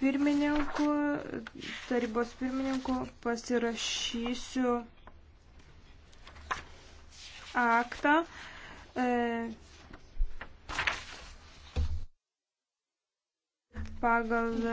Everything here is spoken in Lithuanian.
pirmininku, tarybos pirmininku pasirašysiu aktą. E, pagal